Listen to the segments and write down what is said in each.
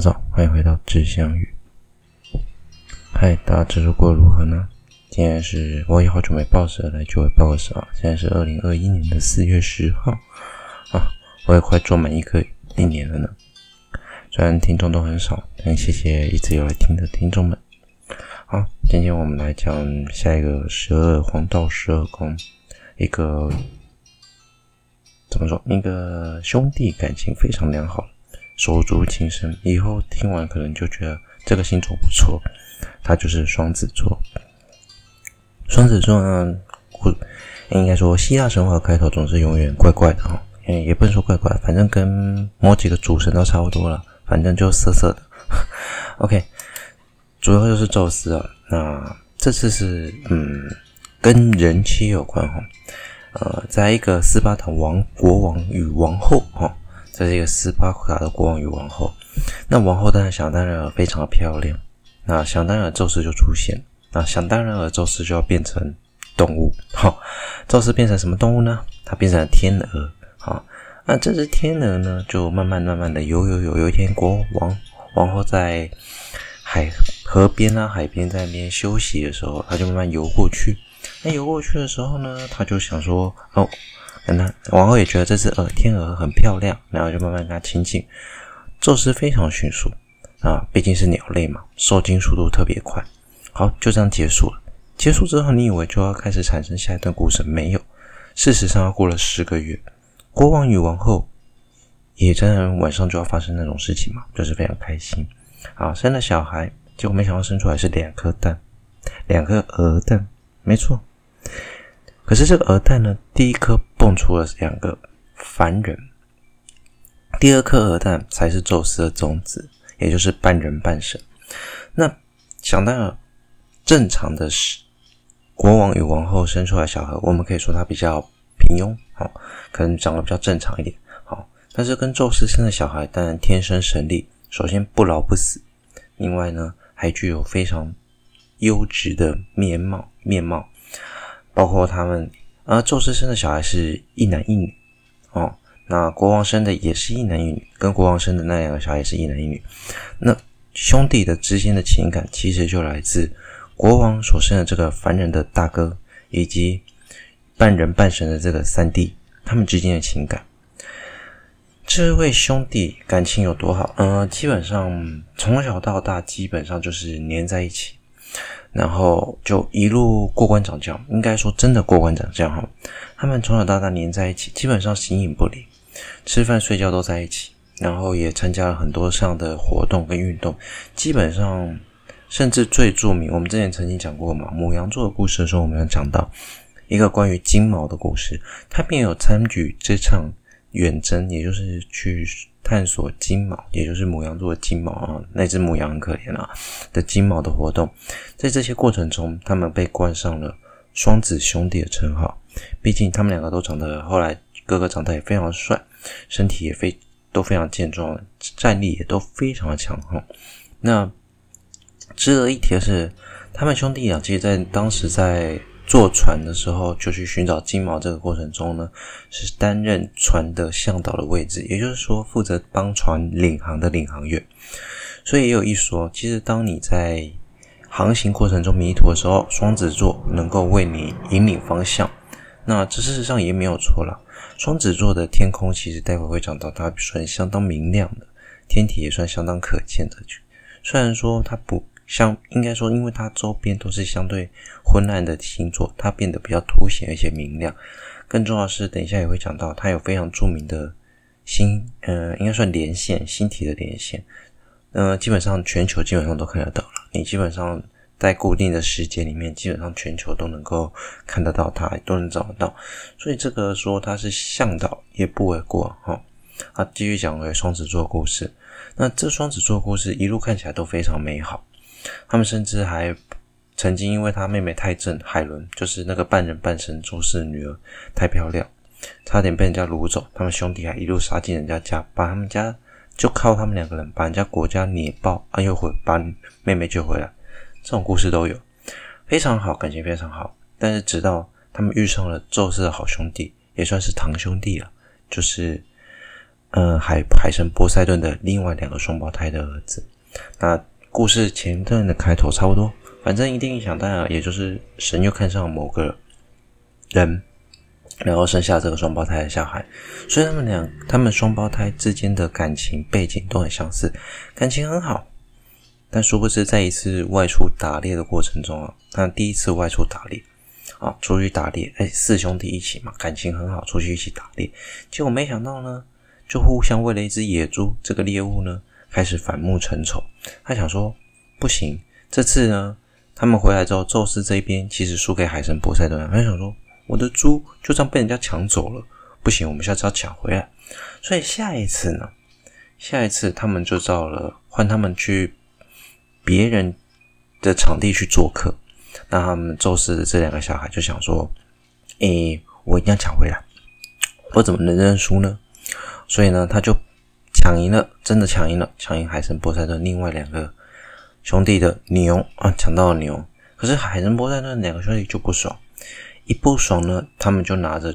早，歡迎回到志向魚。嗨，大家這週過如何呢？今天是我也好久沒報蛇了，來就會報個蛇啊，現在是二零二一年的四月十號啊，我也快做滿一個一年了呢。雖然聽眾都很少，但謝謝一直有來聽的聽眾們。好，今天我們來講下一個十二黃道十二宮，一個怎麼說？一個兄弟感情非常良好。手足情深，以後聽完可能就覺得這個星座不錯，他就是雙子座。雙子座呢，我應該說希臘神話開頭總是永遠怪怪的哈、哦，也不能說怪怪，反正跟某幾個主神都差不多了，反正就是色色的。 OK，主要就是宙斯啊，那這次是嗯，跟人妻有關哈、哦，呃，在一個斯巴達王，國王與王后哈。哦這是一個斯巴達的國王與王後，那王后當然想當然而非常的漂亮，那想當然而宙斯就出現，那想當然而宙斯就要變成動物，哈，宙斯變成什麼動物呢？它變成了天鵝，哈，那這隻天鵝呢，就慢慢慢慢的游游游，有一天國王王后在海河邊啊海邊在那邊休息的時候，它就慢慢游過去，那游過去的時候呢，他就想說，哦。那、嗯啊、王后也覺得這只鵝天鵝很漂亮，然後就慢慢跟他親近。做事非常迅速啊，畢竟是鳥類嘛，受精速度特別快。好，就這樣結束了。結束之後，你以為就要開始產生下一段故事？沒有，事實上要過了十個月，國王與王后也在晚上就要發生那種事情嘛，就是非常開心啊，生了小孩，結果沒想到生出來是兩顆蛋，兩顆鵝蛋，沒錯。可是這個鵝蛋呢，第一顆蹦出了兩個凡人，第二顆鵝蛋才是宙斯的種子，也就是半人半神。那想當然，正常的是國王與王后生出來的小孩，我們可以說他比較平庸，好，可能長得比較正常一點，好。但是跟宙斯生的小孩，當然天生神力，首先不老不死，另外呢，還具有非常優質的面貌面貌。包括他們，呃，宙斯生的小孩是一男一女哦。那國王生的也是一男一女，跟國王生的那兩個小孩也是一男一女。那兄弟的之間的情感，其實就來自國王所生的這個凡人的大哥，以及半人半神的這個三弟，他們之間的情感。這位兄弟感情有多好？嗯、呃，基本上從小到大，基本上就是黏在一起。然後就一路過關斬將，應該說真的過關斬將哈。他們從小到大黏在一起，基本上形影不離，吃飯睡覺都在一起，然後也參加了很多上的活動跟運動。基本上，甚至最著名，我們之前曾經講過嘛，牡羊座的故事的時候，我們有講到一個關於金毛的故事，他並有參與這場遠征，也就是去。探索金毛，也就是牡羊座的金毛啊，那只牡羊很可憐啊的金毛的活動，在這些過程中，他們被冠上了雙子兄弟的稱號。畢竟他們兩個都長得，後來哥哥長得也非常帥，身體也非都非常健壯，戰力也都非常的強橫。那值得一提的是，他們兄弟啊，其實在，在當時在。坐船的時候，就去尋找金毛。這個過程中呢，是擔任船的向導的位置，也就是說，負責幫船領航的領航員。所以也有一說，哦，其實當你在航行過程中迷途的時候，雙子座能夠為你引領方向。那這事實上也沒有錯啦。雙子座的天空其實待會會講到，它算相當明亮的天體，也算相當可見的。雖然說它不。像應該說，因為它周邊都是相對昏暗的星座，它變得比較凸顯而且明亮。更重要的是，等一下也會講到，它有非常著名的星，呃，應該算連線星體的連線，嗯、呃，基本上全球基本上都看得到了。你基本上在固定的時間裡面，基本上全球都能夠看得到它，都能找得到。所以這個說它是向導，也不為過。好，好、啊，繼續講回雙子座故事。那這雙子座故事一路看起來都非常美好。他們甚至還曾經因為他妹妹太正，海倫就是那個半人半神宙斯的女兒太漂亮，差點被人家擄走。他們兄弟還一路殺進人家家，把他們家就靠他們兩個人把人家國家捏爆，啊、又回把妹妹救回來。這種故事都有，非常好，感情非常好。但是直到他們遇上了宙斯的好兄弟，也算是堂兄弟了，就是嗯，海海神波塞頓的另外兩個雙胞胎的兒子，那。故事前段的開頭差不多，反正一定想到啊，也就是神又看上某個人，然後生下這個雙胞胎的小孩，所以他們倆他們雙胞胎之間的感情背景都很相似，感情很好。但殊不知在一次外出打獵的過程中啊，他第一次外出打獵啊，出去打獵，哎、欸，四兄弟一起嘛，感情很好，出去一起打獵，結果沒想到呢，就互相餵了一隻野豬這個獵物呢。開始反目成仇，他想說不行，這次呢，他們回來之後，宙斯這邊其實輸給海神波塞冬了。他想說，我的豬就這樣被人家搶走了，不行，我們下次要搶回來。所以下一次呢，下一次他們就到了，換他們去別人的場地去做客。那他們宙斯的這兩個小孩就想說，誒、欸，我一定要搶回來，我怎麼能認輸呢？所以呢，他就。搶贏了，真的搶贏了！搶贏海神波塞冬另外兩個兄弟的牛啊，搶到了牛。可是海神波塞冬兩個兄弟就不爽，一不爽呢，他們就拿着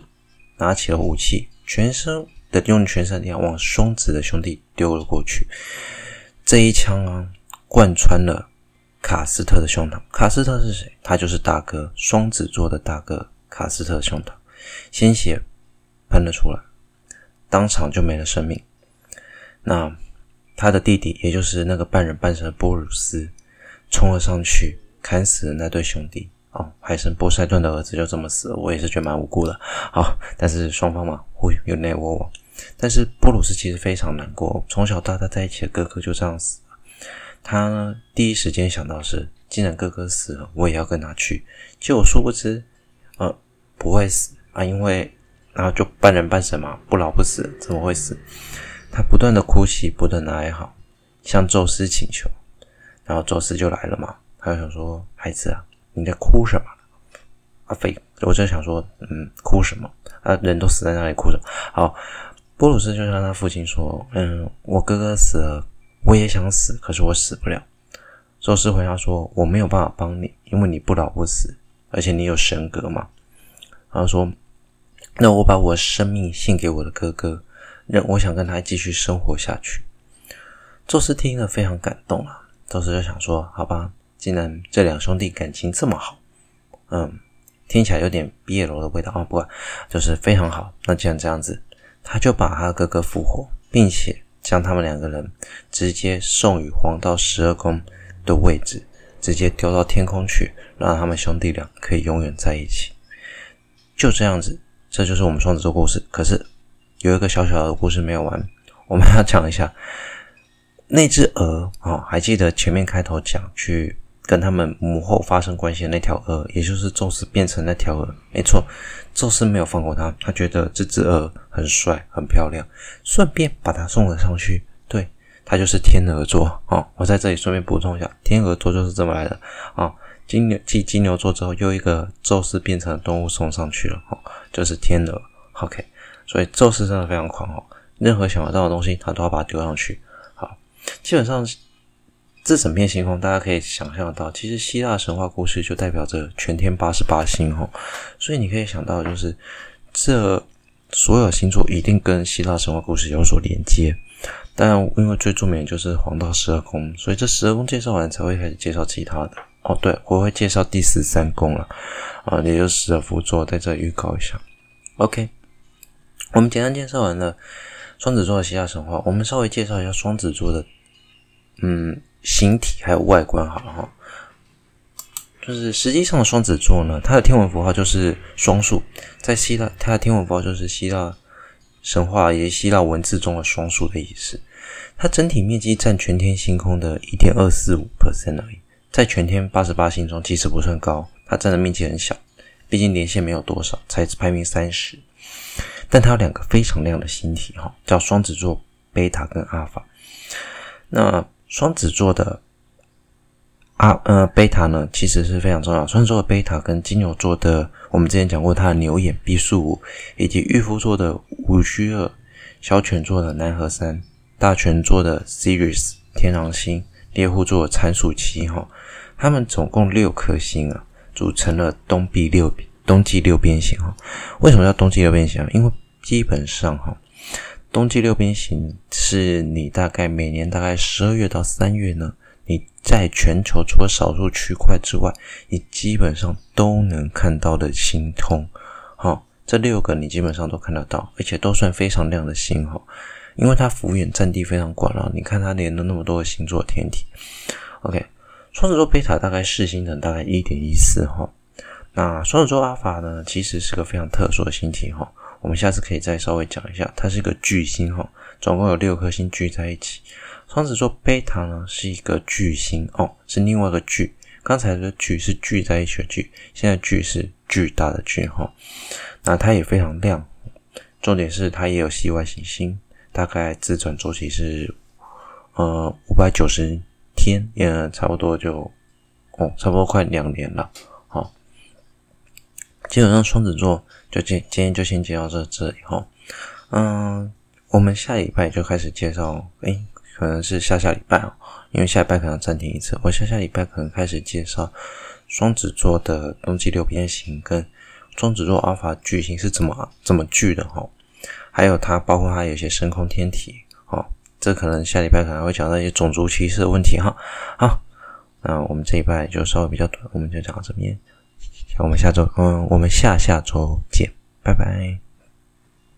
拿起了武器，全身的用全身的力量往雙子的兄弟丟了過去。這一槍啊，貫穿了卡斯特的胸膛。卡斯特是誰？他就是大哥，雙子座的大哥卡斯特的胸膛，鮮血噴了出來，當場就沒了生命。那、嗯、他的弟弟，也就是那個半人半神的波魯斯，衝了上去，砍死了那對兄弟。哦，海神波塞冬的兒子就這麼死了，我也是覺得蠻無辜的。好、哦，但是雙方嘛，互有來往。但是波魯斯其實非常難過，從小到大在一起的哥哥就這樣死了。他呢，第一時間想到是，既然哥哥死了，我也要跟他去。結果我殊不知，呃，不會死啊，因為然後、啊、就半人半神嘛，不老不死，怎麼會死？他不斷的哭泣，不斷的哀嚎，向宙斯請求，然後宙斯就來了嘛。他就想說：“孩子啊，你在哭什麼？”阿飛，我就想說：“嗯，哭什麼？啊，人都死在那裡哭什麼？”好，波魯斯就向他父親說：“嗯，我哥哥死了，我也想死，可是我死不了。”宙斯回答說：“我沒有辦法幫你，因為你不老不死，而且你有神格嘛。”然後說：“那我把我的生命獻給我的哥哥。”任我想跟他繼續生活下去。宙斯聽了非常感動啊，宙斯就想說：“好吧，既然這兩兄弟感情這麼好，嗯，聽起來有點畢業樓的味道啊、哦，不管就是非常好。那既然這樣子，他就把他哥哥復活，並且將他們兩個人直接送與黃道十二宮的位置，直接丟到天空去，讓他們兄弟倆可以永遠在一起。就這樣子，這就是我們雙子座故事。可是。有一個小小的故事沒有完，我們要講一下那隻鵝哦，還記得前面開頭講去跟他們母後發生關係的那條鵝，也就是宙斯變成那條鵝，沒錯，宙斯沒有放過它，他覺得這隻鵝很帥很漂亮，順便把它送了上去，對，它就是天鵝座哦，我在這裡順便補充一下，天鵝座就是這麼來的哦，金牛繼金牛座之後又一個宙斯變成的動物送上去了哦，就是天鵝。OK。所以宙斯真的非常狂吼，任何想得到的東西，他都要把它丟上去。好，基本上這整片星空，大家可以想象到，其實希臘神話故事就代表着全天八十八星吼。所以你可以想到，就是這所有星座一定跟希臘神話故事有所連接。當然，因為最著名的就是黃道十二宮，所以這十二宮介紹完，才會開始介紹其他的。哦，對，我會介紹第十三宮了，啊、呃，也就是十二福座，在這預告一下。OK。我們簡單介紹完了雙子座的希臘神話，我們稍微介紹一下雙子座的嗯形體還有外觀，好了哈。就是實際上的雙子座呢，它的天文符號就是雙數，在希臘它的天文符號就是希臘神話以及希臘文字中的雙數的意思。它整體面積占全天星空的1.245%而已，在全天88星中其實不算高，它占的面積很小，畢竟連線沒有多少，才排名三十。但它有兩個非常亮的星體，哈，叫雙子座貝塔跟阿爾法。那雙子座的阿、啊、呃貝塔呢，其實是非常重要。雙子座的貝塔跟金牛座的，我們之前講過它的牛眼畢宿五以及御夫座的五車二、小犬座的南河三、大犬座的 Sirius 天狼星、獵戶座的參宿七，哈，它們總共六顆星啊，組成了東壁六畢。冬季六邊形哈，為什麼叫冬季六邊形？因為基本上哈，冬季六邊形是你大概每年大概十二月到三月呢，你在全球除了少數區塊之外，你基本上都能看到的星空。好，這六個你基本上都看得到，而且都算非常亮的星哈，因為它幅員佔地非常廣啊。你看它連了那麼多的星座的天體。OK，雙子座貝塔大概視星等大概一點一四哈。那雙子座阿爾法呢，其實是個非常特殊的星體哈。我們下次可以再稍微講一下，它是一個巨星哈，總共有六顆星聚在一起。雙子座貝塔呢是一個巨星哦，是另外一個巨。剛才的巨是聚在一起的巨，現在巨是巨大的巨哈、哦。那它也非常亮，重點是它也有系外行星，星，大概自轉週期是呃五百九十天，也呢差不多就哦，差不多快兩年了。基本上雙子座就今今天就先介紹到這裡哈，嗯，我們下禮拜就開始介紹，哎，可能是下下禮拜哦，因為下禮拜可能暫停一次，我下下禮拜可能開始介紹雙子座的冬季六邊形跟雙子座阿爾法巨星是怎麼怎麼聚的哈、哦，還有它包括它有些深空天體哈、哦，這可能下禮拜可能會講到一些種族歧視的問題哈，好，那我們這禮拜就稍微比較短，我們就講到這邊。我們下周，嗯，我們下下周見，拜拜。